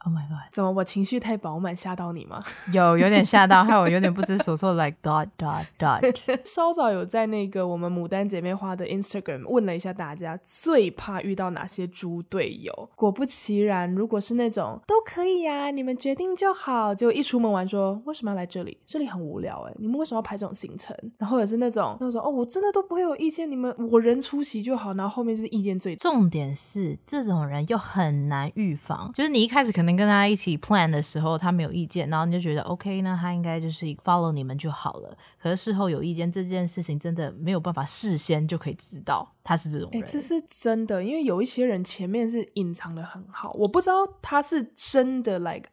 Oh my god！怎麼我情緒太飽滿嚇到你嗎？有有點嚇到， 害我有點不知所措。Like dot, dot, dot. 稍早有在那個我們牡丹姐妹花的 Instagram 問了一下大家最怕遇到哪些豬隊友。果不其然，如果是那種都可以呀、啊，你們決定就好。結果一出門玩說為什麼要來這裡？這裡很無聊哎，你們為什麼要排這種行程？然後也是那種那種哦，我真的都不會有意見，你們我人出席就好。然後後面就是意見最多。重點是這種人又很難預防，就是你一開始可能。跟他一起 plan 的時候，他沒有意見，然後你就覺得 OK 呢，他應該就是 follow 你們就好了。可是事後有意見，這件事情真的沒有辦法事先就可以知道他是這種人，欸、這是真的，因為有一些人前面是隱藏得很好，我不知道他是真的 like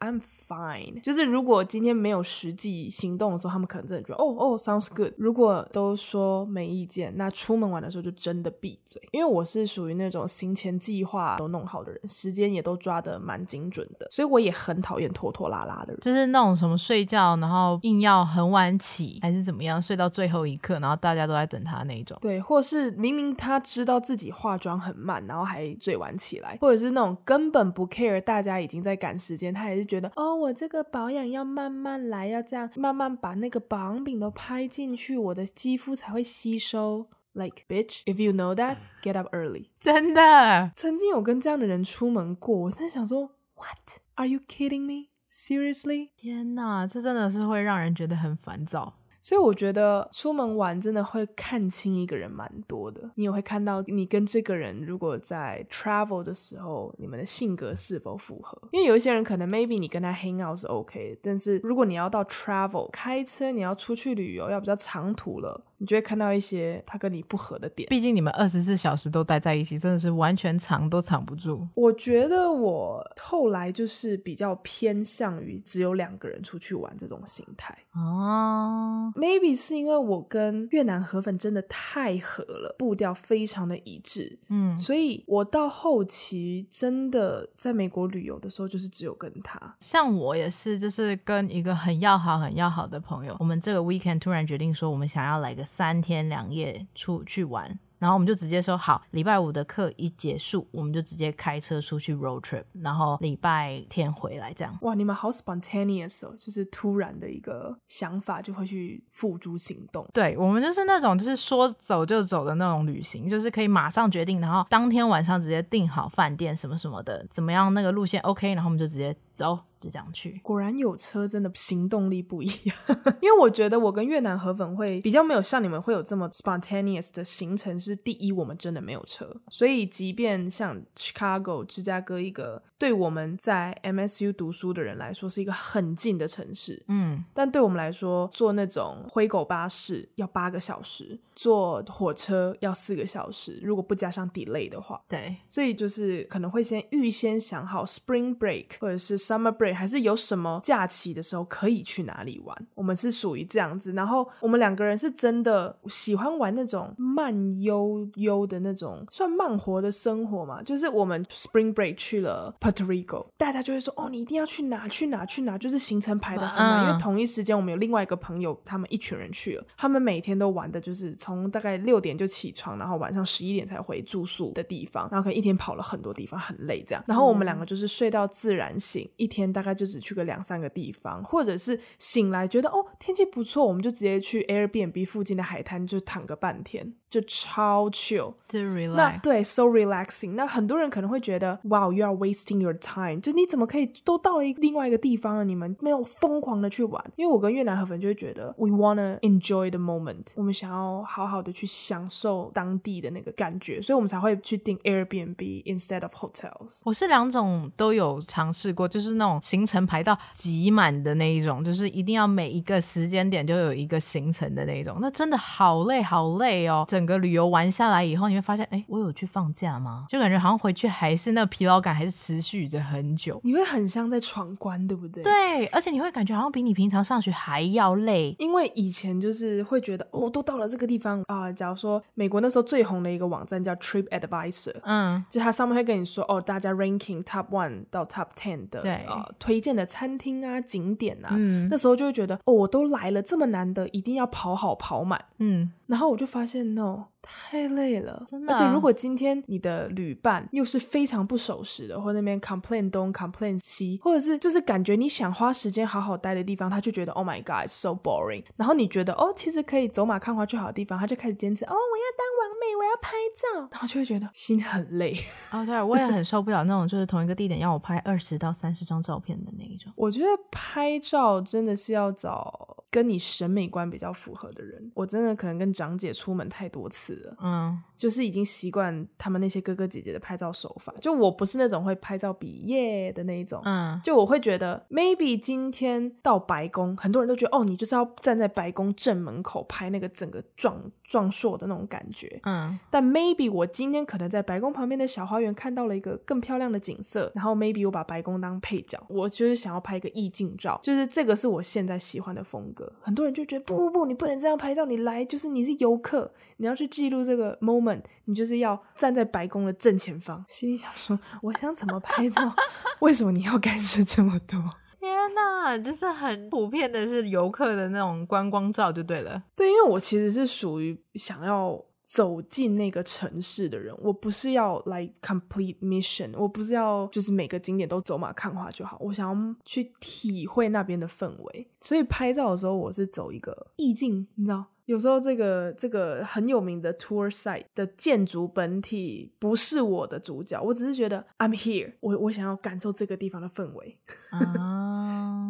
Fine，就是如果今天沒有實際行動的時候，他們可能真的覺得哦哦、oh, oh, sounds good。如果都說沒意見那出門玩的時候就真的閉嘴。因為我是屬於那種行前計劃都弄好的人，時間也都抓得蠻精準的，所以我也很討厭拖拖拉拉的人，就是那種什麼睡覺然後硬要很晚起，還是怎麼樣，睡到最後一刻，然後大家都在等他那一種。對，或是明明他知道自己化妝很慢，然後還最晚起來，或者是那種根本不 care，大家已經在趕時間，他還是覺得哦。Oh, 我這個保養要慢慢來，要這樣慢慢把那個保養品都拍進去，我的肌膚才會吸收。Like bitch, if you know that, get up early。真的，曾經有跟這樣的人出門過，我真的想說，What are you kidding me? Seriously，天哪，這真的是會讓人覺得很煩躁。所以我覺得出門玩真的會看清一個人蠻多的，你也會看到你跟這個人，如果在 travel 的時候，你們的性格是否符合。因為有一些人可能 maybe 你跟他 hang out 是 OK，但是如果你要到 travel，開車你要出去旅遊，要比較長途了。你就會看到一些他跟你不合的點，畢竟你們二十四小時都待在一起，真的是完全藏都藏不住。我覺得我後來就是比較偏向於只有兩個人出去玩這種心態。哦，maybe 是因為我跟越南河粉真的太合了，步調非常的一致。嗯，所以我到後期真的在美國旅遊的時候，就是只有跟他。像我也是，就是跟一個很要好、很要好的朋友，我們這個 weekend 突然決定說，我們想要來個三天兩夜出去玩，然後我們就直接說好，禮拜五的課一結束，我們就直接開車出去 road trip，然後禮拜天回來這樣。哇，你們好 spontaneous 哦，就是突然的一個想法就會去付諸行動。對，我們就是那種就是說走就走的那種旅行，就是可以馬上決定，然後當天晚上直接訂好飯店什麼什麼的，怎麼樣那個路線 OK，然後我們就直接走。就這樣去，果然有車真的行動力不一樣。 因為我覺得我跟越南河粉會比較沒有像你們會有這麼 spontaneous 的行程。是第一，我們真的沒有車，所以即便像 Chicago（ 芝加哥）一個對我們在 MSU 讀書的人來說是一個很近的城市，嗯，但對我們來說坐那種灰狗巴士要八個小時，坐火車要四個小時，如果不加上 delay 的話，對，所以就是可能會先預先想好 Spring Break 或者是 Summer Break。還是有什麼假期的時候可以去哪裡玩？我們是屬於這樣子，然後我們兩個人是真的喜歡玩那種慢悠悠的那種，算慢活的生活嘛。就是我們 Spring Break 去了 Puerto Rico，大家就會說哦，你一定要去哪去哪去哪。就是行程排得很滿，因為同一時間我們有另外一個朋友，他們一群人去了，他們每天都玩的就是從大概六點就起床，然後晚上十一點才回住宿的地方，然後可能一天跑了很多地方，很累這樣。然後我們兩個就是睡到自然醒，一天。大概就只去個兩三個地方，或者是醒來覺得哦，天氣不錯，我們就直接去 Airbnb 附近的海灘就躺個半天，就超 chill，To relax. 那對 so relaxing。那很多人可能會覺得，Wow，you are wasting your time，就你怎麼可以都到了一個另外一個地方了，你們沒有瘋狂的去玩？因為我跟越南河粉就會覺得，we wanna enjoy the moment，我們想要好好的去享受當地的那個感覺，所以我們才會去訂 Airbnb instead of hotels。我是兩種都有嘗試過，就是那種，行程排到擠滿的那一種，就是一定要每一個時間點就有一個行程的那一種，那真的好累好累哦！整個旅遊玩下來以後，你會發現，哎、欸，我有去放假嗎？就感覺好像回去還是那個疲勞感，還是持續着很久。你會很像在闖關，對不對？對，而且你會感覺好像比你平常上學還要累，因為以前就是會覺得，哦，都到了這個地方啊、呃。假如說美國那時候最紅的一個網站叫 Trip Advisor，嗯，就它上面會跟你說，哦，大家 ranking top one 到 top ten 的啊。對。哦推薦的餐廳啊，景點啊，嗯，那時候就會覺得哦，我都來了，這麼難得，一定要跑好跑滿。嗯，然後我就發現哦。No 太累了，真的，啊。而且如果今天你的旅伴又是非常不守時的，或那邊 com complain 東 complain 西，或者是就是感覺你想花時間好好待的地方，他就覺得 Oh my God, so boring。然後你覺得哦，其實可以走馬看花去好的地方，他就開始堅持哦，我要當完美，我要拍照，然後就會覺得心很累。啊、okay, 我，對，我也很受不了那種就是同一個地點要我拍二十到三十張照片的那一種。我覺得拍照真的是要找跟你審美觀比較符合的人。我真的可能跟長姐出門太多次。嗯。就是已經習慣他們那些哥哥姐姐的拍照手法，就我不是那種會拍照比耶的那一種，嗯，就我會覺得 maybe 今天到白宮，很多人都覺得哦，你就是要站在白宮正門口拍那個整個壯壯碩的那種感覺，嗯，但 maybe 我今天可能在白宮旁邊的小花園看到了一個更漂亮的景色，然後 maybe 我把白宮當配角，我就是想要拍一個意境照，就是這個是我現在喜歡的風格。很多人就覺得不不不，你不能這樣拍照，你來就是你是遊客，你要去記錄這個 moment。你就是要站在白宮的正前方，心裡想說：“我想怎麼拍照？ 為什麼你要干涉這麼多？”天哪、啊，就是很普遍的，是遊客的那種觀光照就對了。對，因為我其實是屬於想要走進那個城市的人，我不是要來、like、complete mission，我不是要就是每個景點都走馬看花就好，我想要去體會那邊的氛圍。所以拍照的時候，我是走一個意境，你知道。有時候，這個這個很有名的 tour site 的建築本體不是我的主角，我只是覺得 I'm here，我我想要感受這個地方的氛圍。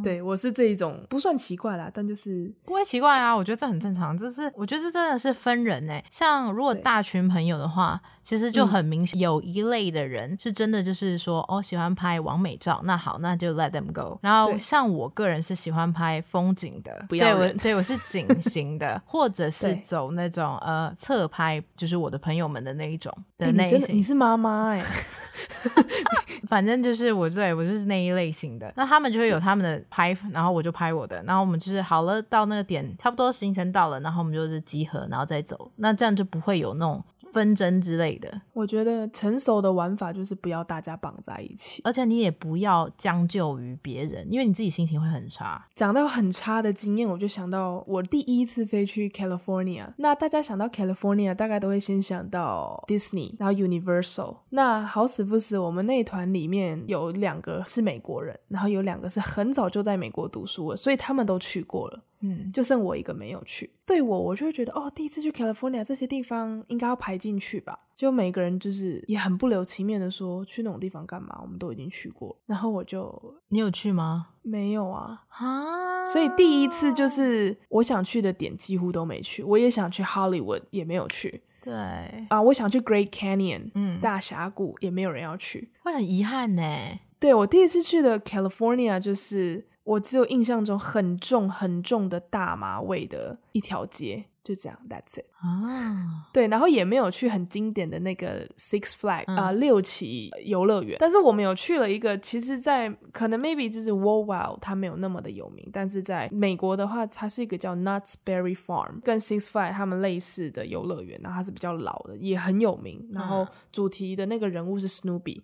對，我是這一種，不算奇怪啦，但就是不會奇怪啊。我覺得這很正常，就是我覺得這真的是分人哎、欸。像如果大群朋友的話，對其實就很明顯有一類的人是真的，就是說、嗯、哦，喜歡拍完美照，那好，那就 let them go。然後像我個人是喜歡拍風景的，對不要人對，對，我是景型的， 或者是走那種呃側拍，就是我的朋友們的那一種的類、欸、你，你是媽媽哎、欸， 反正就是我對我就是那一類型的，那他們就會有他們的。拍，然後我就拍我的，然後我們就是好了，到那個點差不多行程到了，然後我們就是集合，然後再走，那這樣就不會有那種。紛爭之類的，我覺得成熟的玩法就是不要大家綁在一起，而且你也不要將就於別人，因為你自己心情會很差。講到很差的經驗，我就想到我第一次飛去 California。那大家想到 California，大概都會先想到 Disney，然後 Universal。那好死不死，我們那一團裡面有兩個是美國人，然後有兩個是很早就在美國讀書，所以他們都去過了。嗯，就剩我一個沒有去。對我，我就會覺得哦，第一次去 California 這些地方應該要排進去吧。就每個人就是也很不留情面的說，去那種地方幹嘛？我們都已經去過。然後我就，你有去嗎？沒有啊。啊哈，所以第一次就是我想去的點幾乎都沒去。我也想去 Hollywood，也沒有去。對啊，uh, 我想去 Great Canyon，嗯，大峽谷也沒有人要去。我很遺憾呢。對，我第一次去的 California 就是。我只有印象中很重很重的大麻味的一條街，就這樣，That's it。啊，oh. 對，然後也沒有去很經典的那個 Six Flags 啊、嗯呃、六旗遊樂園，但是我們有去了一個，其實在可能 maybe 就是 World Wild 它沒有那麼的有名，但是在美國的話，它是一個叫 Knott's Berry Farm，跟 Six Flags 他們類似的遊樂園，然後它是比較老的，也很有名，然後主題的那個人物是 Snoopy、嗯。是 Snoopy，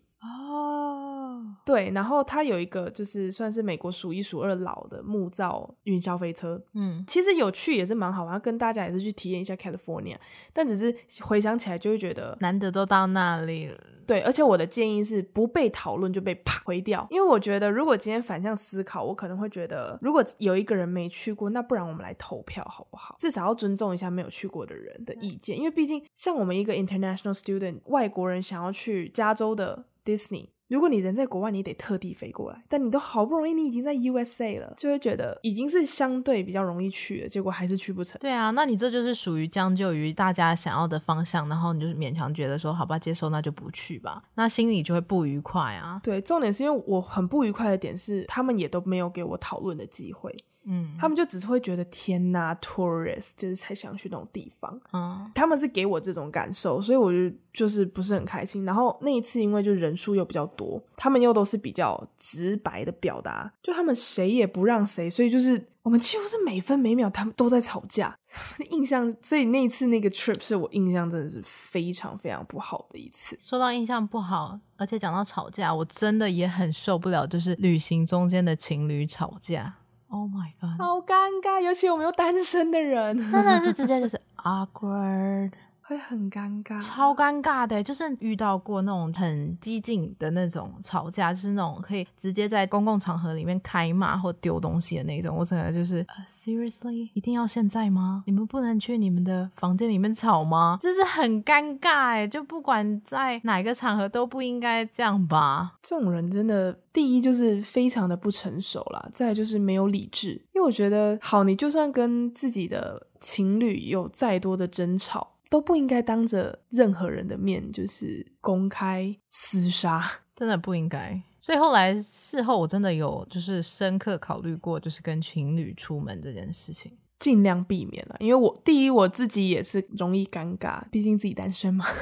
對，然後它有一個就是算是美國數一數二老的木造雲霄飛車，嗯，其實有去也是蠻好玩，跟大家也是去體驗一下 California，但只是回想起來就會覺得難得都到那裡了。對，而且我的建議是不被討論就被啪回掉，因為我覺得如果今天反向思考，我可能會覺得如果有一個人沒去過，那不然我們來投票好不好？至少要尊重一下沒有去過的人的意見，嗯、因為畢竟像我們一個 international student 外國人想要去加州的 Disney。如果你人在國外，你得特地飛過來。但你都好不容易，你已經在 USA 了，就會覺得已經是相對比較容易去了，結果還是去不成。對啊，那你這就是屬於將就於大家想要的方向，然後你就是勉強覺得說好吧，接受那就不去吧，那心裡就會不愉快啊。對，重點是因為我很不愉快的點是，他們也都沒有給我討論的機會。嗯，他們就只是會覺得天吶，啊，tourist 就是才想去那種地方啊。嗯，他們是給我這種感受，所以我就就是不是很開心。然後那一次，因為就人數又比較多，他們又都是比較直白的表達，就他們誰也不讓誰，所以就是我們幾乎是每分每秒他們都在吵架。 印象，所以那一次那個 trip 是我印象真的是非常非常不好的一次。說到印象不好，而且講到吵架，我真的也很受不了，就是旅行中間的情侶吵架。Oh my god！好尷尬，尤其我們又單身的人，真的是直接就是 awkward。會很尷尬，超尷尬的，就是遇到過那種很激進的那種吵架，就是那種可以直接在公共場合裡面開罵或丟東西的那種。我整個就是，uh，seriously，一定要現在嗎？你們不能去你們的房間裡面吵嗎？這是很尷尬，就不管在哪個場合都不應該這樣吧。這種人真的第一就是非常的不成熟啦，再來就是沒有理智。因為我覺得，好，你就算跟自己的情侶有再多的爭吵。都不應該當着任何人的面，就是公開廝殺，真的不應該。所以後來事後我真的有就是深刻考慮過，就是跟情侶出門這件事情。儘量避免了、啊，因為我第一我自己也是容易尷尬，畢竟自己單身嘛。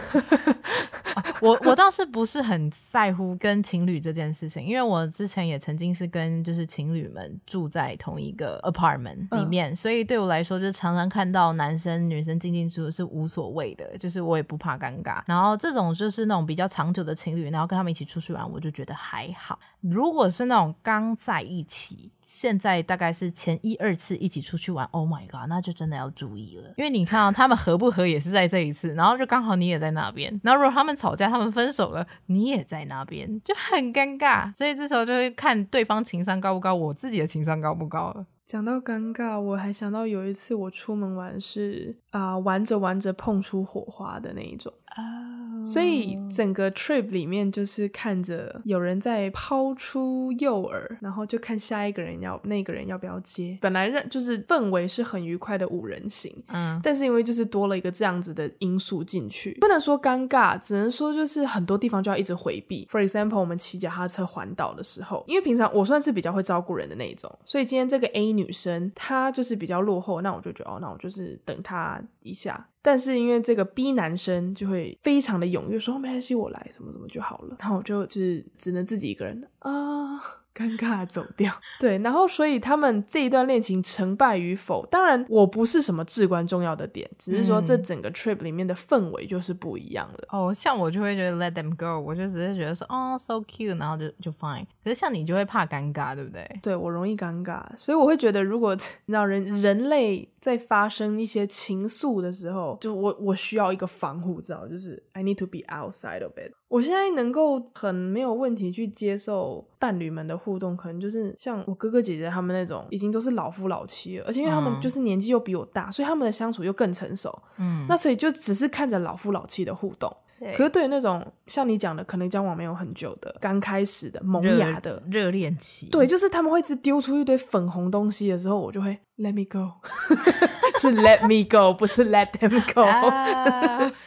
啊、我我倒是不是很在乎跟情侶這件事情，因為我之前也曾經是跟就是情侶們住在同一個 apartment 裡面，嗯、所以對我來說就是、常常看到男生女生進進出出是無所謂的，就是我也不怕尷尬。然後這種就是那種比較長久的情侶，然後跟他們一起出去玩，我就覺得還好。如果是那種剛在一起，現在大概是前一二次一起出去玩，Oh my god，那就真的要注意了，因為你看啊，他們合不合也是在這一次，然後就剛好你也在那邊，然後如果他們吵架，他們分手了，你也在那邊就很尷尬，所以這時候就會看對方情商高不高，我自己的情商高不高了。講到尷尬，我還想到有一次我出門玩是啊、呃，玩着玩着碰出火花的那一種。Oh. 所以整個 trip 裡面就是看着有人在拋出誘餌，然後就看下一個人要那個人要不要接。本來讓就是氛圍是很愉快的五人行，嗯，mm. 但是因為就是多了一個這樣子的因素進去，不能說尷尬，只能說就是很多地方就要一直回避。For example，我們騎腳踏車環島的時候，因為平常我算是比較會照顧人的那一種，所以今天這個 A 女生她就是比較落後，那我就覺得哦，那我就是等她一下。但是因為這個 B 男生就會非常的踴躍，說沒關係，我來什麼什麼就好了，然後我就就是只能自己一個人啊， 尷尬走掉，對，然後所以他們這一段戀情成敗與否，當然我不是什麼至關重要的點，只是說這整個 trip 裡面的氛圍就是不一樣的，嗯。哦，像我就會覺得 let them go，我就只是覺得說，哦，so cute，然後就就 fine。可是像你就會怕尷尬，對不對？對，我容易尷尬，所以我會覺得，如果讓人人類在發生一些情愫的時候，就我我需要一個防護罩，就是 I need to be outside of it。我現在能夠很沒有問題去接受伴侶們的互動，可能就是像我哥哥姐姐他們那種，已經都是老夫老妻了，而且因為他們就是年紀又比我大，嗯、所以他們的相處又更成熟。嗯，那所以就只是看着老夫老妻的互動。對可是對於那種像你講的，可能交往沒有很久的、剛開始的、萌芽的熱，熱戀期，對，就是他們會一直丟出一堆粉紅東西的時候，我就會 let me go， 是 let me go， 不是 let them go，啊。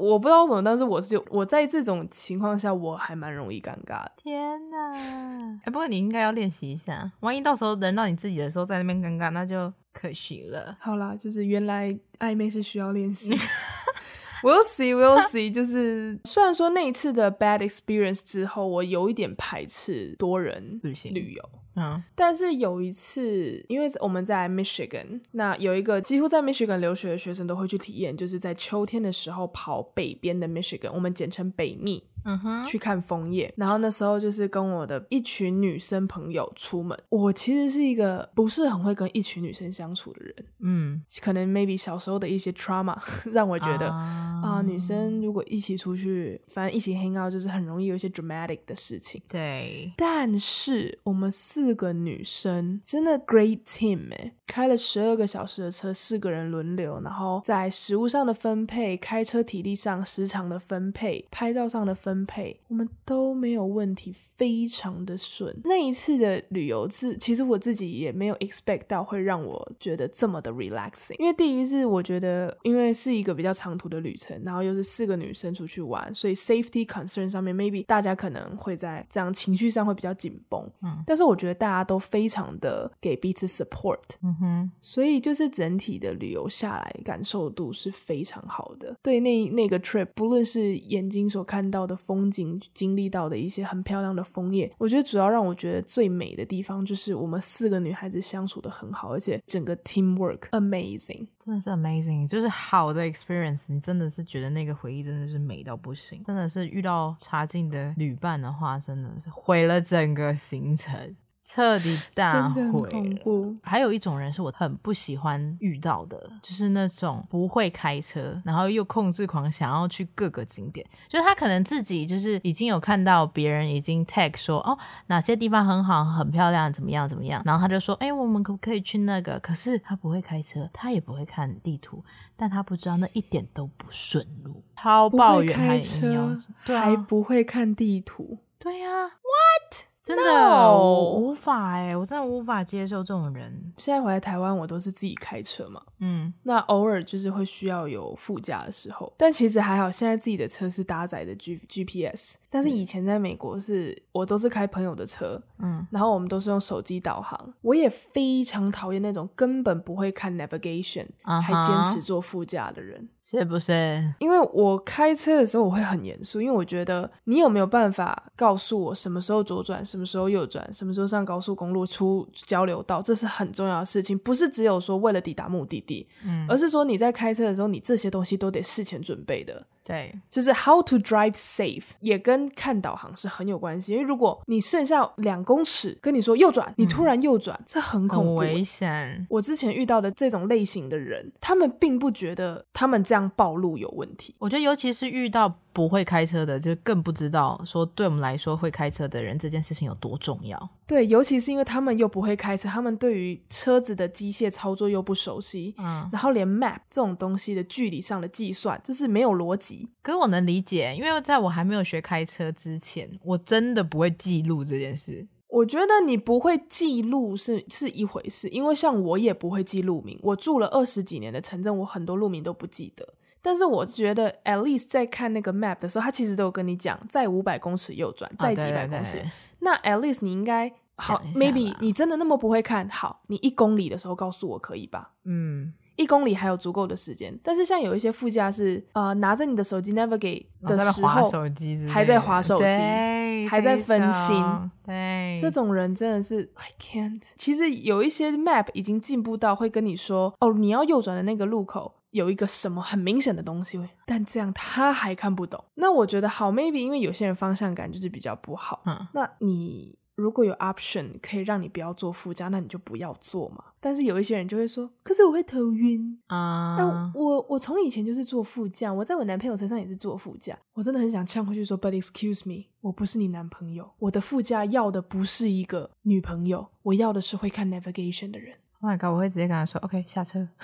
我不知道怎麼，但是我是就我在這種情況下，我還蠻容易尷尬的。天哪！哎、 欸，不過你應該要練習一下，萬一到時候輪到你自己的時候在那邊尷尬，那就可惜了。好啦，就是原來曖昧是需要練習。 We'll see, we'll see， 就是雖然說那一次的 bad experience 之後，我有一點排斥多人旅，旅行旅遊，嗯，但是有一次，因為我們在 Michigan，那有一個幾乎在 Michigan 留學的學生都會去體驗，就是在秋天的時候跑北邊的 Michigan，我們簡稱北密。嗯哼，uh huh. 去看楓葉，然後那時候就是跟我的一群女生朋友出門。我其實是一個不是很會跟一群女生相處的人，嗯，可能 maybe 小時候的一些 trauma 讓我覺得啊、uh huh. 呃，女生如果一起出去，反正一起 hang out 就是很容易有一些 dramatic 的事情。對，但是我們四個女生真的 great team 哎、欸，開了十二個小時的車，四個人輪流，然後在食物上的分配，開車體力上時長的分配，拍照上的分配。分配我們都沒有問題，非常的順。那一次的旅遊是，其實我自己也沒有 expect 到會讓我覺得這麼的 relaxing。因為第一是我覺得，因為是一個比較長途的旅程，然後又是四個女生出去玩，所以 safety concern 上面，maybe 大家可能會在這樣情緒上會比較緊繃。嗯，但是我覺得大家都非常的給彼此 support。嗯哼，所以就是整體的旅遊下來，感受度是非常好的。對那，那那個 trip，不論是眼睛所看到的。風景經歷到的一些很漂亮的楓葉，我覺得主要讓我覺得最美的地方就是我們四個女孩子相處得很好，而且整個 teamwork amazing，真的是 amazing，就是好的 experience，你真的是覺得那個回憶真的是美到不行，真的是遇到差勁的旅伴的話，真的是毀了整個行程。徹底大毀。恐怖。還有一種人是我很不喜歡遇到的，就是那種不會開車，然後又控制狂，想要去各個景點。就是他可能自己就是已經有看到別人已經 tag 說哦哪些地方很好很漂亮怎麼樣怎麼樣，然後他就說哎、欸、我們可不可以去那個？可是他不會開車，他也不會看地圖，但他不知道那一點都不順路，超抱怨。開車，還不會看地圖。對呀、啊、，What？真的 No! 我無法哎、欸，我真的無法接受這種人。現在回來台灣，我都是自己開車嘛，嗯，那偶爾就是會需要有副駕的時候，但其實還好，現在自己的車是搭載的 G G P S。但是以前在美國是，是、嗯、我都是開朋友的車，嗯，然後我們都是用手機導航。我也非常討厭那種根本不會看 navigation、uh huh、還堅持坐副駕的人。是不是？因為我開車的時候，我會很嚴肅，因為我覺得你有沒有辦法告訴我什麼時候左轉、什麼時候右轉、什麼時候上高速公路出交流道，這是很重要的事情，不是只有說為了抵達目的地，嗯，而是說你在開車的時候，你這些東西都得事前準備的。對，就是 how to drive safe 也跟看導航是很有關係，因為如果你剩下兩公尺跟你說右轉，你突然右轉，嗯，這很恐怖，很危險。我之前遇到的這種類型的人，他們並不覺得他們這樣暴露有問題。我覺得尤其是遇到。不會開車的，就更不知道說，對我們來說，會開車的人這件事情有多重要。對，尤其是因為他們又不會開車，他們對於車子的機械操作又不熟悉，嗯，然後連 map 這種東西的距離上的計算就是沒有邏輯。可是我能理解，因為在我還沒有學開車之前，我真的不會記路這件事。我覺得你不會記路是是一回事，因為像我也不會記路名，我住了二十幾年的城鎮，我很多路名都不記得。但是我覺得，at least 在看那個 map 的時候，他其實都有跟你講，在五百公尺右轉，在幾百公尺。哦、對對對，那 at least 你應該好，maybe 你真的那麼不會看，好，你一公里的時候告訴我可以吧？嗯，一公里還有足夠的時間。但是像有一些副駕駛，呃拿着你的手機 navigate 的時候，哦、在滑，還在滑手機，對，還在分心，對，對，這種人真的是 I can't。其實有一些 map 已經進步到會跟你說，哦，你要右轉的那個路口，有一個什麼很明顯的東西，但這樣他還看不懂。那我覺得好，maybe，因為有些人方向感就是比較不好。嗯，那你如果有 option 可以讓你不要坐副駕，那你就不要坐嘛。但是有一些人就會說，可是我會頭暈啊。嗯。那我我從以前就是坐副駕，我在我男朋友車上也是坐副駕。我真的很想嗆回去說，But excuse me，我不是你男朋友，我的副駕要的不是一個女朋友，我要的是會看 navigation 的人。Oh my god，我會直接跟他說，OK，下車。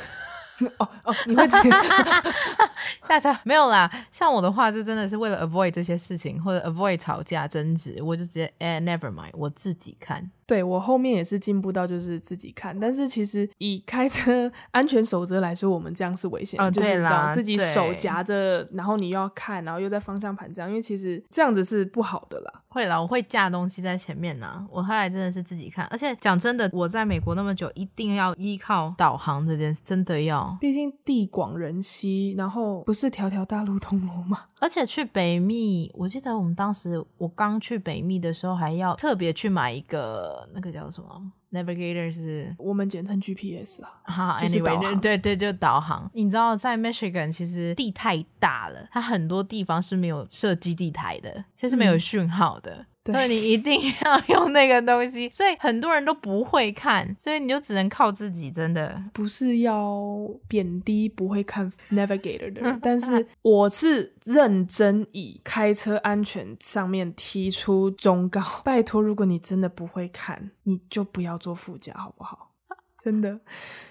哦哦，你會 下車？沒有啦，像我的話，就真的是為了 avoid 這些事情，或者 avoid 吵架爭執，我就直接哎，never mind，我自己看。對我後面也是進步到，就是自己看。但是其實以開車安全守則來說，我們這樣是危險的，呃、對啦，就是自己手夾着，對然後你又要看，然後又在方向盤這樣，因為其實這樣子是不好的啦。會啦，我會架東西在前面吶。我後來真的是自己看，而且講真的，我在美國那麼久，一定要依靠導航這件事，真的要。畢竟地廣人稀，然後不是條條大路通羅馬。而且去北密，我記得我們當時我剛去北密的時候，還要特別去買一個。那個叫什麼？Navigator 是，我們簡稱 GPS 啊好好，Anyway。對,對對，就導航。你知道，在 Michigan 其實地太大了，它很多地方是沒有設基地台的，這是沒有訊號的。嗯對，對，你一定要用那個東西，所以很多人都不會看，所以你就只能靠自己。真的不是要貶低不會看 Navigator 的人， 但是我是認真以開車安全上面提出忠告。拜託，如果你真的不會看，你就不要坐副駕，好不好？真的，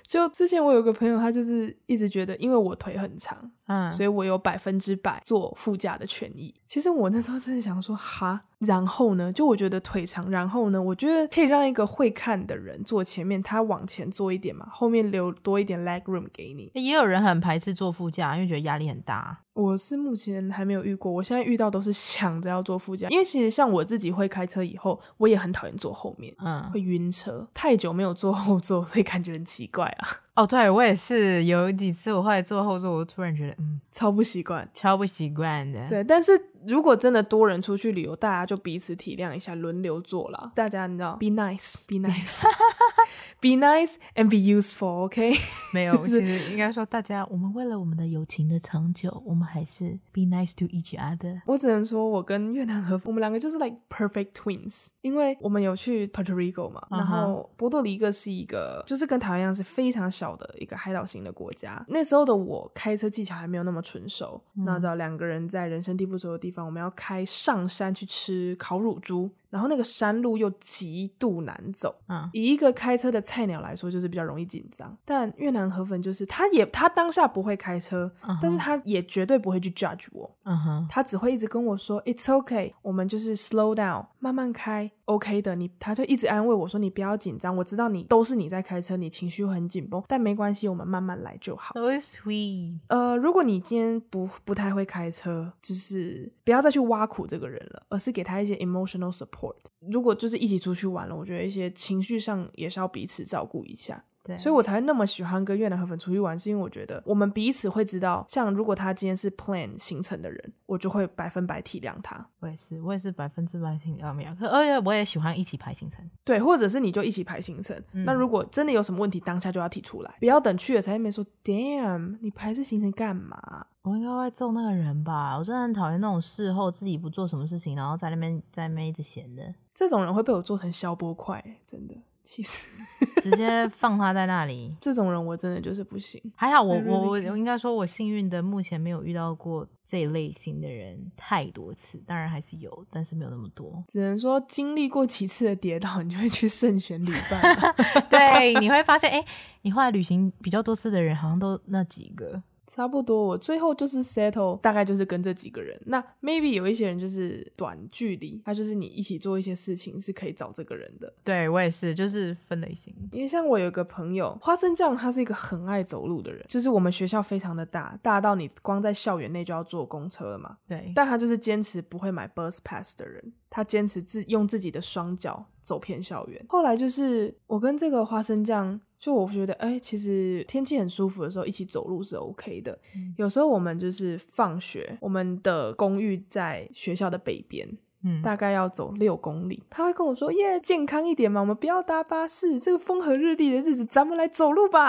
就之前我有個朋友，他就是一直覺得，因為我腿很長。嗯，所以我有百分之百坐副駕的權益。其實我那時候真的想說哈，然後呢，就我覺得腿長，然後呢，我覺得可以讓一個會看的人坐前面，他往前坐一點嘛，後面留多一點 leg room 給你。也有人很排斥坐副駕，因為覺得壓力很大。我是目前還沒有遇過，我現在遇到都是想着要坐副駕，因為其實像我自己會開車以後，我也很討厭坐後面，嗯，會暈車，太久沒有坐後座，所以感覺很奇怪啊。哦，對，我也是。有幾次我後來坐後座，我突然覺得，嗯，超不習慣，超不習慣的。對，但是。如果真的多人出去旅遊，大家就彼此體諒一下，輪流坐啦。大家你知道，be nice，be nice，be nice and be useful，OK？Okay？沒有， 就是、其實應該說，大家我們為了我們的友情的長久，我們還是 be nice to each other。我只能說我跟越南和我們兩個就是 like perfect twins，因為我們有去 Puerto Rico 嘛，uh huh. 然後波多黎各是一個就是跟台灣一樣是非常小的一個海島型的國家。那時候的我開車技巧還沒有那麼純熟，那到兩個人在人生地不熟的地方。我們要開上山去吃烤乳豬。然後那個山路又極度難走，嗯，以一個開車的菜鳥來說，就是比較容易緊張。但越南河粉就是，他也他當下不會開車，嗯哼，但是他也絕對不會去 judge 我，嗯哼，他只會一直跟我說 “It's okay，我們就是 slow down，慢慢開，OK 的。你”你他就一直安慰我說：“你不要緊張，我知道你都是你在開車，你情緒很緊繃，但沒關係，我們慢慢來就好。”So sweet。呃，如果你今天不不太會開車，就是不要再去挖苦這個人了，而是給他一些 emotional support。如果就是一起出去玩了，我覺得一些情緒上也是要彼此照顧一下。對所以我才那麼喜歡跟越南河粉出去玩，是因為我覺得我們彼此會知道，像如果他今天是 plan 行程的人，我就會百分百體諒他。我也是，我也是百分之百體諒他。而且我也喜歡一起排行程，對，或者是你就一起排行程。嗯、那如果真的有什麼問題，當下就要提出來，不要等去了才後面說。Damn，你排這行程幹嘛？我應該會揍那個人吧？我真的很討厭那種事後自己不做什麼事情，然後在那邊在那邊一直閒的這種人會被我做成消波塊，真的。其實 直接放他在那裡，這種人我真的就是不行。還好我我 really 我應該說，我幸運的目前沒有遇到過這類型的人太多次，當然還是有，但是沒有那麼多。只能說經歷過幾次的跌倒，你就會去慎選旅伴。 對， 你會發現，哎、欸，你後來旅行比較多次的人，好像都那幾個。差不多，我最後就是 settle，大概就是跟這幾個人。那 maybe 有一些人就是短距離，他就是你一起做一些事情是可以找這個人的。對，我也是，就是分類型。因為像我有一個朋友花生醬，他是一個很愛走路的人。就是我們學校非常的大，大到你光在校園內就要坐公車了嘛。對。但他就是堅持不會買 bus pass 的人，他堅持自用自己的雙腳走遍校園。後來就是我跟這個花生醬。就我覺得，哎、欸，其實天氣很舒服的時候，一起走路是 OK 的。嗯、有時候我們就是放學，我們的公寓在學校的北邊，嗯、大概要走六公里。他會跟我說：“耶，健康一點嘛，我們不要搭巴士，這個風和日麗的日子，咱們來走路吧。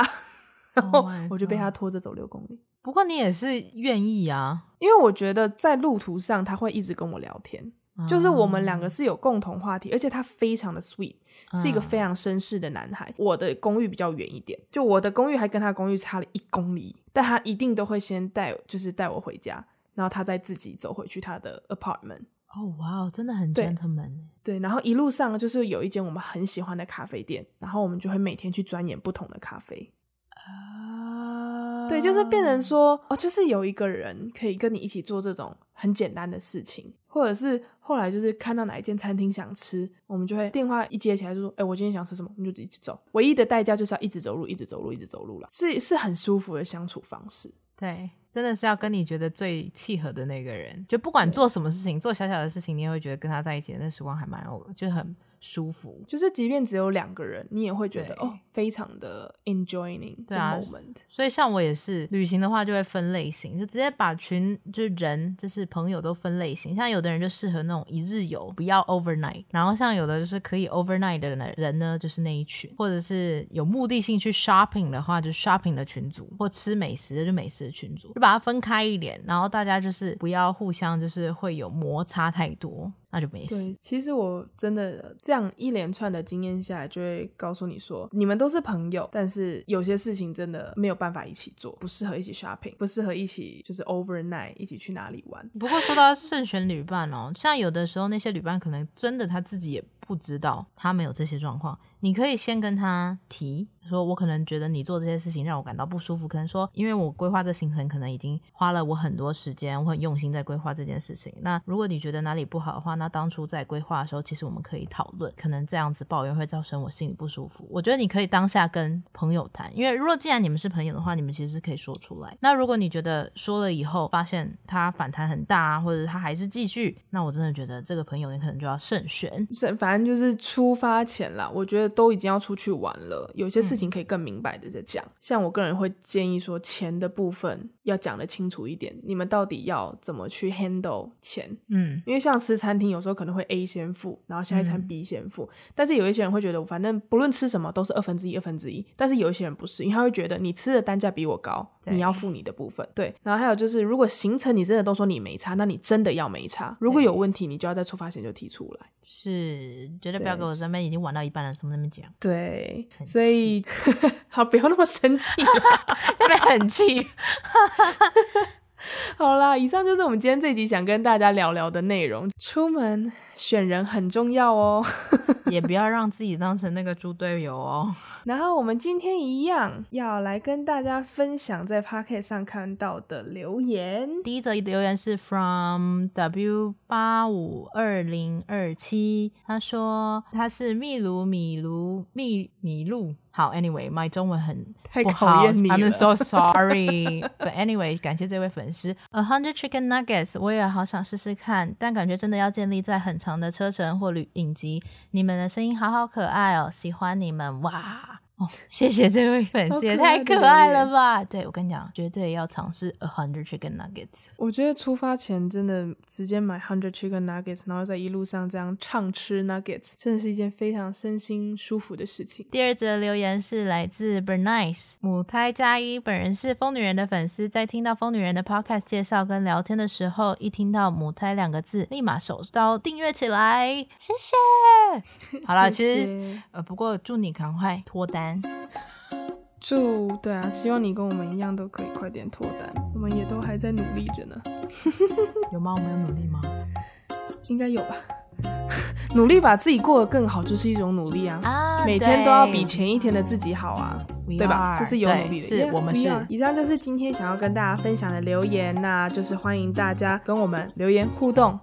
Oh my God” 然後 我就被他拖着走六公里。不過你也是願意啊，因為我覺得在路途上他會一直跟我聊天。就是我們兩個是有共同話題，嗯。而且他非常的 sweet，嗯。是一個非常紳士的男孩。我的公寓比較遠一點，就我的公寓還跟他公寓差了一公里，但他一定都會先帶，就是帶我回家，然後他再自己走回去他的 apartment。哦，哇哦，真的很 gentleman。對，然後一路上就是有一間我們很喜歡的咖啡店，然後我們就會每天去鑽研不同的咖啡。對，就是變成說，哦，就是有一個人可以跟你一起做這種很簡單的事情，或者是後來就是看到哪一間餐廳想吃，我們就會電話一接起來就說，誒，我今天想吃什麼，我們就一起走。唯一的代價就是要一直走路，一直走路，一直走路啦，是是很舒服的相處方式。對，真的是要跟你覺得最契合的那個人，就不管做什麼事情，對做小小的事情，你也會覺得跟他在一起的，那時光還蠻，的，就很。舒服，就是即便只有兩個人，你也會覺得對哦，非常的 enjoying moment，對啊。所以像我也是，旅行的話就會分類型，就直接把群就人就是朋友都分類型。像有的人就適合那種一日遊，不要 overnight。然後像有的就是可以 overnight 的人呢，就是那一群；或者是有目的性去 shopping 的話，就 shopping 的群組；或吃美食的就美食的群組，就把它分開一點，然後大家就是不要互相就是會有摩擦太多。那就沒事。對，其實我真的這樣一連串的經驗下來，就會告訴你說，你們都是朋友，但是有些事情真的沒有辦法一起做，不適合一起 shopping，不適合一起就是 overnight 一起去哪裡玩。不過說到慎選旅伴哦、喔， 像有的時候那些旅伴可能真的他自己也。不知道他沒有這些狀況，你可以先跟他提，說我可能覺得你做這些事情讓我感到不舒服。可能說，因為我規劃的行程可能已經花了我很多時間，我很用心在規劃這件事情。那如果你覺得哪裡不好的話，那當初在規劃的時候，其實我們可以討論。可能這樣子抱怨會造成我心裡不舒服。我覺得你可以當下跟朋友談，因為如果既然你們是朋友的話，你們其實是可以說出來。那如果你覺得說了以後發現他反彈很大啊，或者他還是繼續，那我真的覺得這個朋友你可能就要慎選，慎反。就是出發前啦，我覺得都已經要出去玩了，有些事情可以更明白的在講。嗯、像我個人會建議說，錢的部分要講得清楚一點，你們到底要怎麼去 handle 錢，嗯，因為像吃餐廳，有時候可能會 A 先付，然後下一餐 B 先付。嗯、但是有一些人會覺得，反正不論吃什麼都是二分之一，二分之一。2，但是有一些人不是，因為他會覺得你吃的單價比我高，對你要付你的部分。對，然後還有就是，如果行程你真的都說你沒差，那你真的要沒差。如果有問題，你就要在出發前就提出來。是。絕對不要給我這邊已經玩到一半了，對從這邊講。對，所以 好，不要那麼生氣，那 邊很氣。 好啦，以上就是我們今天這集想跟大家聊聊的內容。出門。選人很重要哦， 也不要讓自己當成那個豬隊友哦。 然後我們今天一樣要來跟大家分享在 Pocket 上看到的留言。第一則留言是 from W 八五二零二七，他說他是秘魯米盧秘米露。好，Anyway，my 中文很，太考驗你了。Oh, I'm so sorry。 But Anyway，感謝這位粉絲，A hundred chicken nuggets，我也好想試試看，但感覺真的要建立在很長。長的車程或旅影集，你們的聲音好好可愛哦，喜歡你們，哇！哦，謝謝這位粉絲，也太可愛了吧！對，我跟你講，絕對要嘗試 a hundred chicken nuggets。我覺得出發前真的直接買 hundred chicken nuggets，然後在一路上這樣暢吃 nuggets，真的是一件非常身心舒服的事情。第二則留言是來自 Bernice，母胎加一，1, 本人是瘋女人的粉絲，在聽到瘋女人的 podcast 介紹跟聊天的時候，一聽到母胎兩個字，立馬手刀訂閱起來。謝謝。好了，其實呃，不過祝你趕快脫單。祝對啊，希望你跟我們一樣都可以快點脫單，我們也都還在努力着呢。 有嗎？我們有努力嗎？應該有吧。 努力把自己過得更好，就是一種努力啊。啊，每天都要比前一天的自己好啊，We 對吧？are. 這是有努力的。是，我們是。以上就是今天想要跟大家分享的留言，嗯、那就是歡迎大家跟我們留言互動。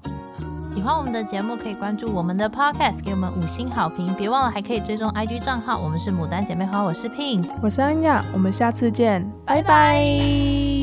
喜歡我們的節目，可以關注我們的 podcast，給我們五星好評。別忘了，還可以追蹤 IG 賬號。我們是母單姊妹花，我是 Ping，我是安雅，我們下次見，拜拜 bye。Bye bye